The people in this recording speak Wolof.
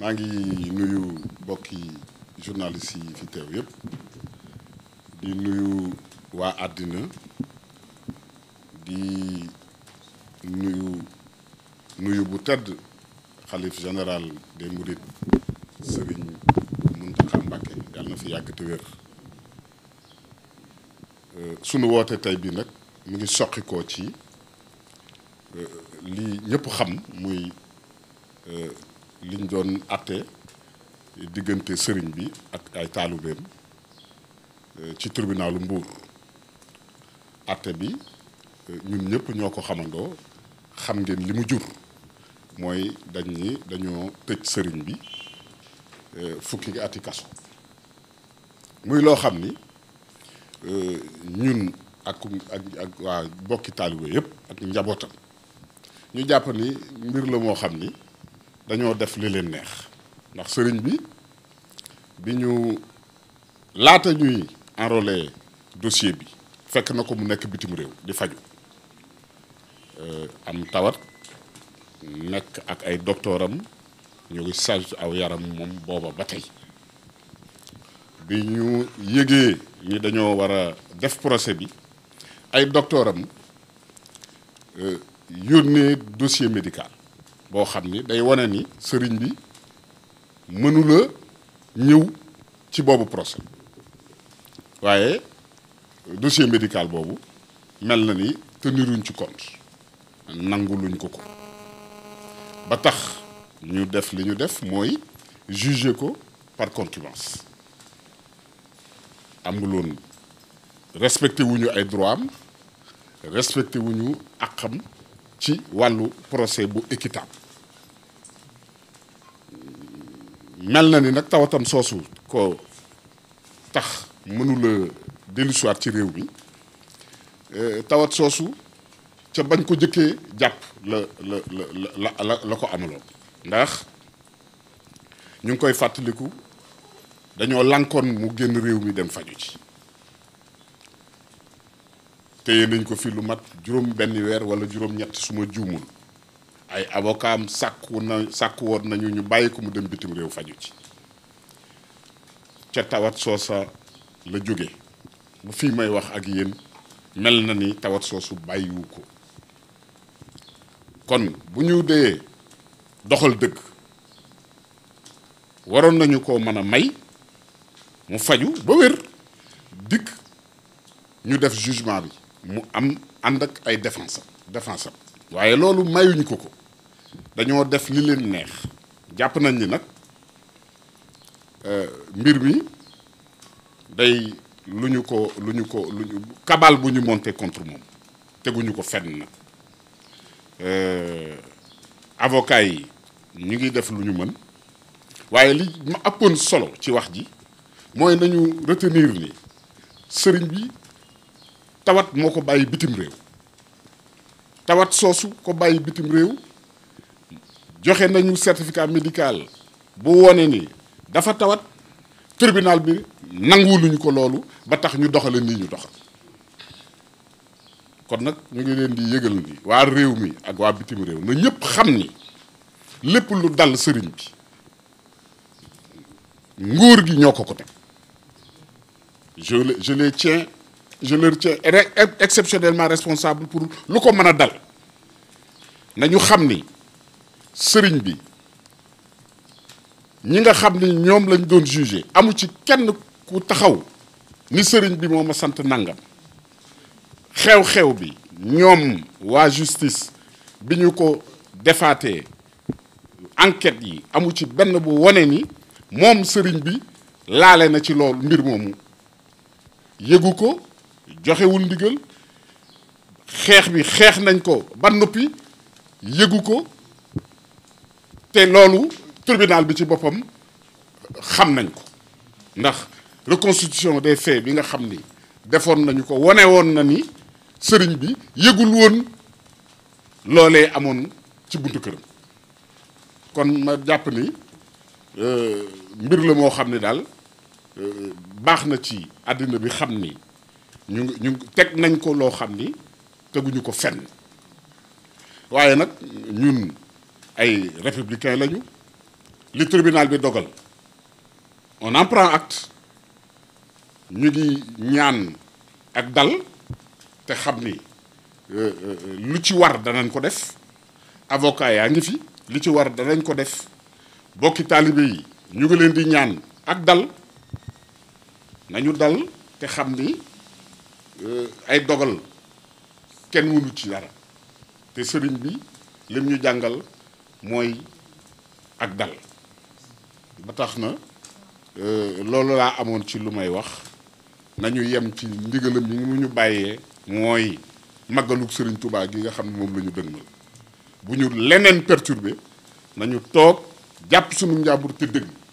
maa ngi nuyu mbokki journaliste yi fi teew yëpp di nuyu waa àddina di nuyu nuyu bu tedd xalif général des Mourides sëriñ Mountakha Mbacké yàlla na fi yàgg te wér euh, sunu woote tey bi nag mu ngi soqikoo ci euh, lii ñëpp xam muy euh, liñ doon atte diggante sëriñ bi ak ay taalubeem eh, ci tribunalu Mbuur atte bi eh, ñun ñëpp ñoo ko xamandoo xam ngeen li mu jur mooy dañ ni dañoo tëj sëriñ bi eh, fukki ati kaso muy loo xam ni ñun ak ak ak waa bokki taalibe yëpp ak njabootam ñu jàpp ni mbir la moo xam ni dañoo def li leen neex ndax sëriñ bi bi ñu laata ñuy enrôler dossier bi fekk na ko mu nekk bitim réew di faju euh, am tawat nekk ak ay docteuram ñu ngi saju aw yaram moom booba ba tey bi ñu yëgee ni dañoo war a def procès bi ay docteuram euh, yónnee dossier médical boo xam ni day wane ni sëriñ bi mënula ñëw ci boobu procès waaye dossier médical boobu mel na ni teniruñ ci compte nangu luñ ko ko ba tax ñu def li ñu def mooy juger ko par contumace amuloon respecté wuñu ay droit am respecté ñu àqam ci wàllu procès bu équitable mel na ni nag tawatam soosu ko tax mënula dellusiwaat ci réew mi euh, tawat soosu ca bañ ko jëkkee jàpp la la la la la ko amaloon ndax ñu ngi koy fàttaliku dañoo lankoon mu génn réew mi dem faju ci téye nañ ko fi lu mat juróom benn weer wala juróom-ñett su juumul ay avocat am sàkku na sàkku woon nañu ñu bàyyi ko mu dem bitim réew faju ci ca tawat soosa la jóge bu fii may wax ak yéen mel na ni tawat soosu bàyyiwu ko kon bu ñu dee doxal dëgg waroon nañu ko mën a may mu faju ba wér dikk ñu def jugement bi mu am ànd ak ay défense défense waaye loolu mayuñu ko ko dañoo def li leen neex jàpp nañ ni nag euh, mbir mi day lu ñu ko lu ñu ko lu kabal bu ñu monte contre moom ñu ko fenn nag euh, avocat yi ñu ngi def lu ñu mën waaye li ma ëppoon solo ci wax ji mooy nañu retenir ni sëriñ bi tawat moo ko bàyyi bitim réew tawat soosu ko bàyyi bitim réew joxe nañu certificat médical bu wone ni dafa tawat tribunal bi luñu ko loolu ba tax ñu doxale nii ñu doxal kon nag ñu ngi leen di yëgal ni waa réew mi ak waa bitim réew na ñëpp xam ni lépp lu dal sëriñ bi nguur gi ñoo ko ko teg je je les je leur tiens exceptionnellement responsable pour lu ko mën a dal nañu xam ni sëriñ bi ñi nga xam ni ñoom lañ doon jugé amu ci kenn ku taxaw ni sëriñ bi moom ma sant nangam xew-xew bi ñoom waa justice bi ñu ko defaate enquête yi amu ci benn bu wone ni moom sëriñ bi laale na ci loolu mbir moomu yëgu ko joxewul ndigal xeex bi xeex nañ ko ba noppi yëgu ko te loolu tribunal bi ci boppam xam nañ ko ndax reconstitution des faits bi nga xam ni defoon nañu ko wane woon na ni sëriñ bi yëgul woon loolee amoon ci buntu këram kon ma jàpp ni euh, mbir la moo xam ne daal euh, baax na ci àddina bi xam ni ñu ngi ñu teg nañ ko loo xam ni teguñu ko fenn waaye nag ñun ay républicain lañu li tribunal bi dogal on en prend acte ñu ngi ñaan ak dal te xam ni euh, euh, lu ci war danañ ko def avocat yaa ngi fi li ci war danañ ko def bokki taalibe yi ñu ngi leen di ñaan ak dal nañu dal te xam ni Euh, ay dogal kenn mënu ci dara te sëriñ bi lim ñu jàngal mooy ak dal ba tax na euh, loolu laa amoon ci lu may wax nañu yem ci ndigalam yi mu ñu bàyyee mooy màggalug sëriñ tubaab yi nga xam ne moom lañu ñu dëgmal bu ñu leneen perturbé nañu toog jàpp sunu njàmbur te dëgg